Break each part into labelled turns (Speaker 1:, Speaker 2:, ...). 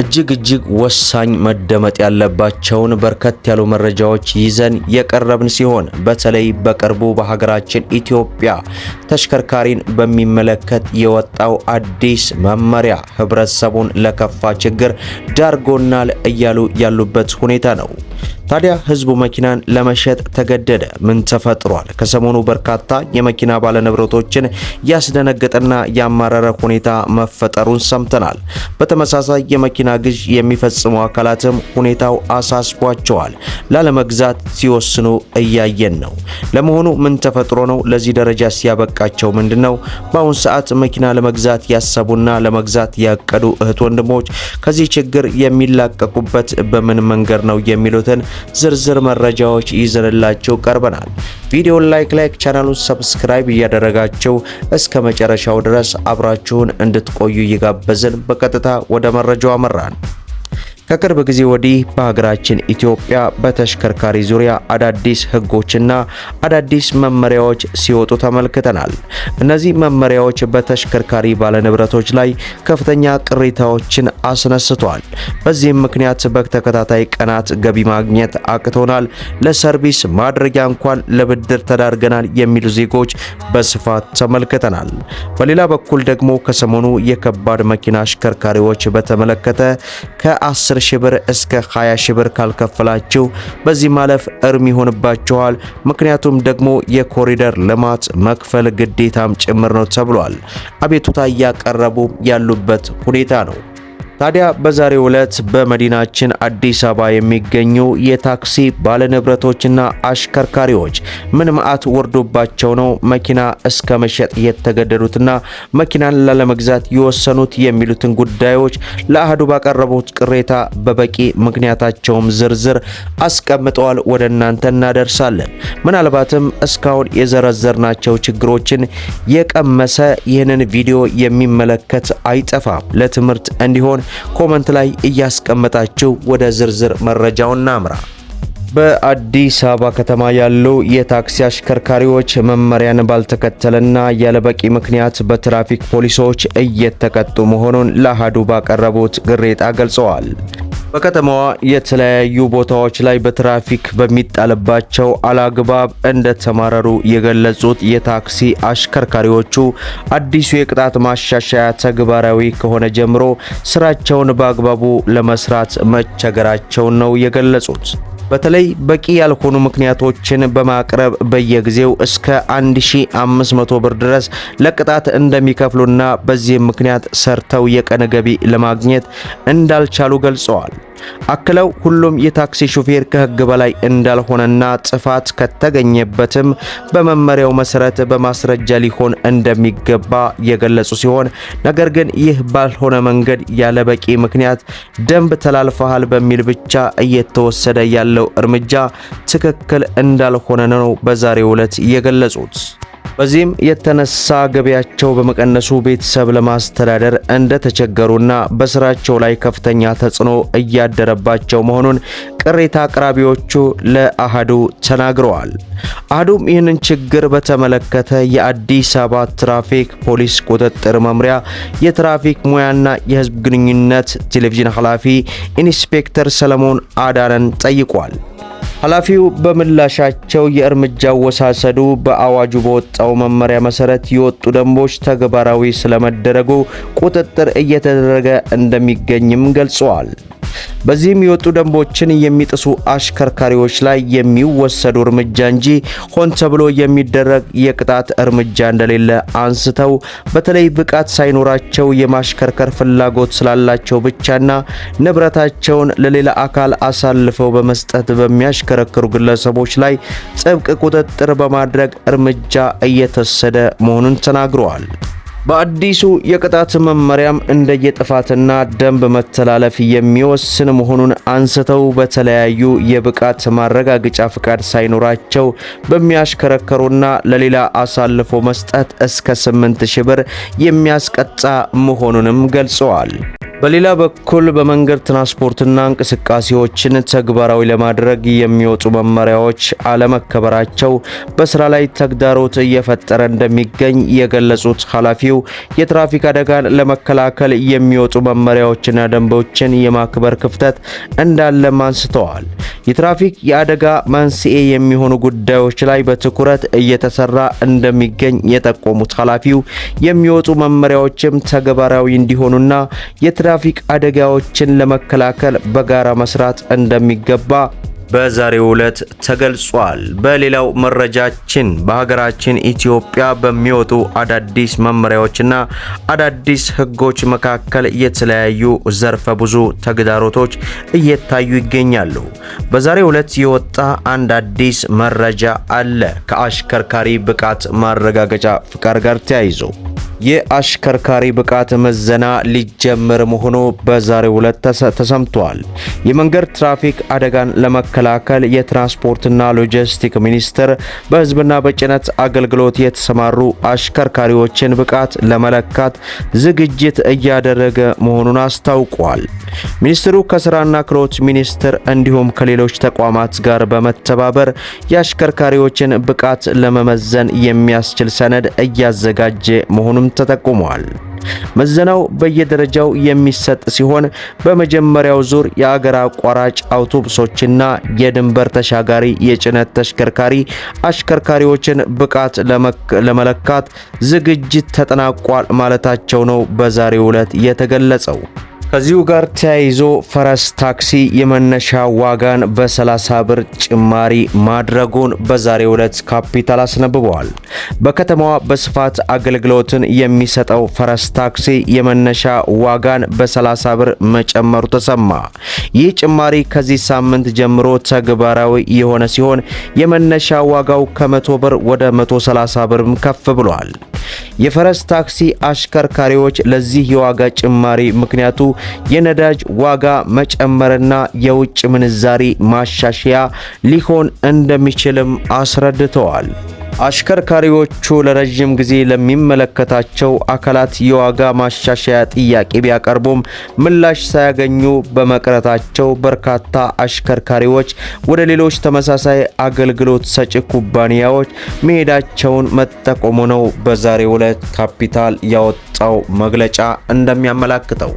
Speaker 1: እጅግ እጅግ ወሳኝ መደመጥ ያለባቸውን በርከት ያሉ መረጃዎች ይዘን የቀረብን ሲሆን በተለይ በቅርቡ በሀገራችን ኢትዮጵያ ተሽከርካሪን በሚመለከት የወጣው አዲስ መመሪያ ህብረተሰቡን ለከፋ ችግር ዳርጎናል እያሉ ያሉበት ሁኔታ ነው። ታዲያ ህዝቡ መኪናን ለመሸጥ ተገደደ። ምን ተፈጥሯል? ከሰሞኑ በርካታ የመኪና ባለንብረቶችን ያስደነገጠና ያማረረ ሁኔታ መፈጠሩን ሰምተናል። በተመሳሳይ የመኪና ግዥ የሚፈጽሙ አካላትም ሁኔታው አሳስቧቸዋል። ላለመግዛት ሲወስኑ እያየን ነው። ለመሆኑ ምን ተፈጥሮ ነው ለዚህ ደረጃ ሲያበቃቸው ምንድን ነው? በአሁን ሰዓት መኪና ለመግዛት ያሰቡና ለመግዛት ያቀዱ እህት ወንድሞች ከዚህ ችግር የሚላቀቁበት በምን መንገድ ነው የሚሉት የደረሱትን ዝርዝር መረጃዎች ይዘንላቸው ቀርበናል። ቪዲዮን ላይክ ላይክ ቻናሉን ሰብስክራይብ እያደረጋቸው እስከ መጨረሻው ድረስ አብራችሁን እንድትቆዩ እየጋበዝን በቀጥታ ወደ መረጃው አመራን። ከቅርብ ጊዜ ወዲህ በሀገራችን ኢትዮጵያ በተሽከርካሪ ዙሪያ አዳዲስ ህጎችና አዳዲስ መመሪያዎች ሲወጡ ተመልክተናል። እነዚህ መመሪያዎች በተሽከርካሪ ባለንብረቶች ላይ ከፍተኛ ቅሬታዎችን አስነስቷል። በዚህም ምክንያት በተከታታይ ቀናት ገቢ ማግኘት አቅቶናል፣ ለሰርቪስ ማድረጊያ እንኳን ለብድር ተዳርገናል የሚሉ ዜጎች በስፋት ተመልክተናል። በሌላ በኩል ደግሞ ከሰሞኑ የከባድ መኪና አሽከርካሪዎች በተመለከተ ከ10 10 ሺህ ብር እስከ 20 ሺህ ብር ካልከፈላችሁ በዚህ ማለፍ እርም ይሆንባችኋል። ምክንያቱም ደግሞ የኮሪደር ልማት መክፈል ግዴታም ጭምር ነው ተብሏል። አቤቱታ እያቀረቡ ያሉበት ሁኔታ ነው። ታዲያ በዛሬው ዕለት በመዲናችን አዲስ አበባ የሚገኙ የታክሲ ባለንብረቶችና አሽከርካሪዎች ምን መዓት ወርዶባቸው ነው መኪና እስከ መሸጥ የተገደዱትና መኪናን ላለመግዛት የወሰኑት የሚሉትን ጉዳዮች ለአህዱ ባቀረቡት ቅሬታ በበቂ ምክንያታቸውም ዝርዝር አስቀምጠዋል። ወደ እናንተ እናደርሳለን። ምናልባትም እስካሁን የዘረዘርናቸው ችግሮችን የቀመሰ ይህንን ቪዲዮ የሚመለከት አይጠፋም። ለትምህርት እንዲሆን ኮመንት ላይ እያስቀመጣችሁ ወደ ዝርዝር መረጃው እናምራ። በአዲስ አበባ ከተማ ያሉ የታክሲ አሽከርካሪዎች መመሪያን ባልተከተለና ያለበቂ ምክንያት በትራፊክ ፖሊሶች እየተቀጡ መሆኑን ለአሃዱ ባቀረቡት ቅሬታ ገልጸዋል። በከተማዋ የተለያዩ ቦታዎች ላይ በትራፊክ በሚጣልባቸው አላግባብ እንደተማረሩ የገለጹት የታክሲ አሽከርካሪዎቹ አዲሱ የቅጣት ማሻሻያ ተግባራዊ ከሆነ ጀምሮ ስራቸውን በአግባቡ ለመስራት መቸገራቸውን ነው የገለጹት። በተለይ በቂ ያልሆኑ ምክንያቶችን በማቅረብ በየጊዜው እስከ 1500 ብር ድረስ ለቅጣት እንደሚከፍሉና በዚህም ምክንያት ሰርተው የቀን ገቢ ለማግኘት እንዳልቻሉ ገልጸዋል። አክለው ሁሉም የታክሲ ሹፌር ከህግ በላይ እንዳልሆነና ጥፋት ከተገኘበትም በመመሪያው መሰረት በማስረጃ ሊሆን እንደሚገባ የገለጹ ሲሆን ነገር ግን ይህ ባልሆነ መንገድ ያለ በቂ ምክንያት ደንብ ተላልፈሃል በሚል ብቻ እየተወሰደ ያለው እርምጃ ትክክል እንዳልሆነ ነው በዛሬው ዕለት የገለጹት። በዚህም የተነሳ ገቢያቸው በመቀነሱ ቤተሰብ ለማስተዳደር እንደተቸገሩና በስራቸው ላይ ከፍተኛ ተጽዕኖ እያደረባቸው መሆኑን ቅሬታ አቅራቢዎቹ ለአህዱ ተናግረዋል። አህዱም ይህንን ችግር በተመለከተ የአዲስ አበባ ትራፊክ ፖሊስ ቁጥጥር መምሪያ የትራፊክ ሙያና የህዝብ ግንኙነት ቴሌቪዥን ኃላፊ ኢንስፔክተር ሰለሞን አዳነን ጠይቋል። ኃላፊው በምላሻቸው የእርምጃ አወሳሰዱ በአዋጁ በወጣው መመሪያ መሰረት የወጡ ደንቦች ተግባራዊ ስለመደረጉ ቁጥጥር እየተደረገ እንደሚገኝም ገልጸዋል። በዚህም የወጡ ደንቦችን የሚጥሱ አሽከርካሪዎች ላይ የሚወሰዱ እርምጃ እንጂ ሆን ተብሎ የሚደረግ የቅጣት እርምጃ እንደሌለ አንስተው በተለይ ብቃት ሳይኖራቸው የማሽከርከር ፍላጎት ስላላቸው ብቻና ንብረታቸውን ለሌላ አካል አሳልፈው በመስጠት በሚያሽከረክሩ ግለሰቦች ላይ ጥብቅ ቁጥጥር በማድረግ እርምጃ እየተወሰደ መሆኑን ተናግረዋል። በአዲሱ የቅጣት መመሪያም እንደየጥፋትና ደንብ መተላለፍ የሚወስን መሆኑን አንስተው በተለያዩ የብቃት ማረጋገጫ ፍቃድ ሳይኖራቸው በሚያሽከረከሩና ለሌላ አሳልፎ መስጠት እስከ 8 ሺህ ብር የሚያስቀጣ መሆኑንም ገልጸዋል። በሌላ በኩል በመንገድ ትራንስፖርትና እንቅስቃሴዎችን ተግባራዊ ለማድረግ የሚወጡ መመሪያዎች አለመከበራቸው በስራ ላይ ተግዳሮት እየፈጠረ እንደሚገኝ የገለጹት ኃላፊው የትራፊክ አደጋን ለመከላከል የሚወጡ መመሪያዎችና ደንቦችን የማክበር ክፍተት እንዳለም አንስተዋል። የትራፊክ የአደጋ መንስኤ የሚሆኑ ጉዳዮች ላይ በትኩረት እየተሰራ እንደሚገኝ የጠቆሙት ኃላፊው የሚወጡ መመሪያዎችም ተግባራዊ እንዲሆኑና የትራፊክ አደጋዎችን ለመከላከል በጋራ መስራት እንደሚገባ በዛሬው ዕለት ተገልጿል። በሌላው መረጃችን በሀገራችን ኢትዮጵያ በሚወጡ አዳዲስ መመሪያዎችና አዳዲስ ሕጎች መካከል የተለያዩ ዘርፈ ብዙ ተግዳሮቶች እየታዩ ይገኛሉ። በዛሬው ዕለት የወጣ አንድ አዲስ መረጃ አለ። ከአሽከርካሪ ብቃት ማረጋገጫ ፍቃድ ጋር ተያይዞ የአሽከርካሪ ብቃት ምዘና ሊጀምር መሆኑ በዛሬው ዕለት ተሰምቷል። የመንገድ ትራፊክ አደጋን ለመከላከል የትራንስፖርትና ሎጂስቲክ ሚኒስቴር በህዝብና በጭነት አገልግሎት የተሰማሩ አሽከርካሪዎችን ብቃት ለመለካት ዝግጅት እያደረገ መሆኑን አስታውቋል። ሚኒስትሩ ከስራና ክህሎት ሚኒስቴር እንዲሁም ከሌሎች ተቋማት ጋር በመተባበር የአሽከርካሪዎችን ብቃት ለመመዘን የሚያስችል ሰነድ እያዘጋጀ መሆኑም ተጠቁመዋል። ምዘናው በየደረጃው የሚሰጥ ሲሆን በመጀመሪያው ዙር የአገር አቋራጭ አውቶቡሶችና የድንበር ተሻጋሪ የጭነት ተሽከርካሪ አሽከርካሪዎችን ብቃት ለመለካት ዝግጅት ተጠናቋል ማለታቸው ነው በዛሬው ዕለት የተገለጸው። ከዚሁ ጋር ተያይዞ ፈረስ ታክሲ የመነሻ ዋጋን በ30 ብር ጭማሪ ማድረጉን በዛሬው ዕለት ካፒታል አስነብበዋል። በከተማዋ በስፋት አገልግሎትን የሚሰጠው ፈረስ ታክሲ የመነሻ ዋጋን በ30 ብር መጨመሩ ተሰማ። ይህ ጭማሪ ከዚህ ሳምንት ጀምሮ ተግባራዊ የሆነ ሲሆን የመነሻ ዋጋው ከ100 ብር ወደ 130 ብርም ከፍ ብሏል። የፈረስ ታክሲ አሽከርካሪዎች ለዚህ የዋጋ ጭማሪ ምክንያቱ የነዳጅ ዋጋ መጨመርና የውጭ ምንዛሪ ማሻሻያ ሊሆን እንደሚችልም አስረድተዋል። አሽከርካሪዎቹ ለረዥም ጊዜ ለሚመለከታቸው አካላት የዋጋ ማሻሻያ ጥያቄ ቢያቀርቡም ምላሽ ሳያገኙ በመቅረታቸው በርካታ አሽከርካሪዎች ወደ ሌሎች ተመሳሳይ አገልግሎት ሰጪ ኩባንያዎች መሄዳቸውን መጠቆሙ ነው በዛሬው ዕለት ካፒታል ያወጣው መግለጫ እንደሚያመላክተው።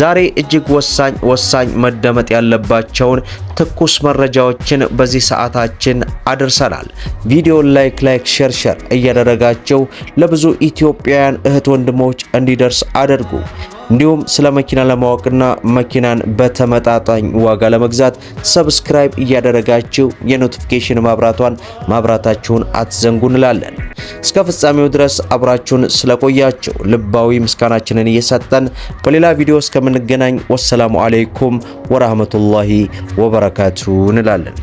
Speaker 1: ዛሬ እጅግ ወሳኝ ወሳኝ መደመጥ ያለባቸውን ትኩስ መረጃዎችን በዚህ ሰዓታችን አድርሰናል። ቪዲዮ ላይክ ላይክ ሼር ሼር እያደረጋቸው ለብዙ ኢትዮጵያውያን እህት ወንድሞች እንዲደርስ አድርጉ። እንዲሁም ስለ መኪና ለማወቅና መኪናን በተመጣጣኝ ዋጋ ለመግዛት ሰብስክራይብ እያደረጋችሁ የኖቲፊኬሽን ማብራቷን ማብራታችሁን አትዘንጉ እንላለን። እስከ ፍጻሜው ድረስ አብራችሁን ስለቆያችሁ ልባዊ ምስጋናችንን እየሰጠን በሌላ ቪዲዮ እስከምንገናኝ ወሰላሙ አሌይኩም ወራህመቱላሂ ወበረካቱ እንላለን።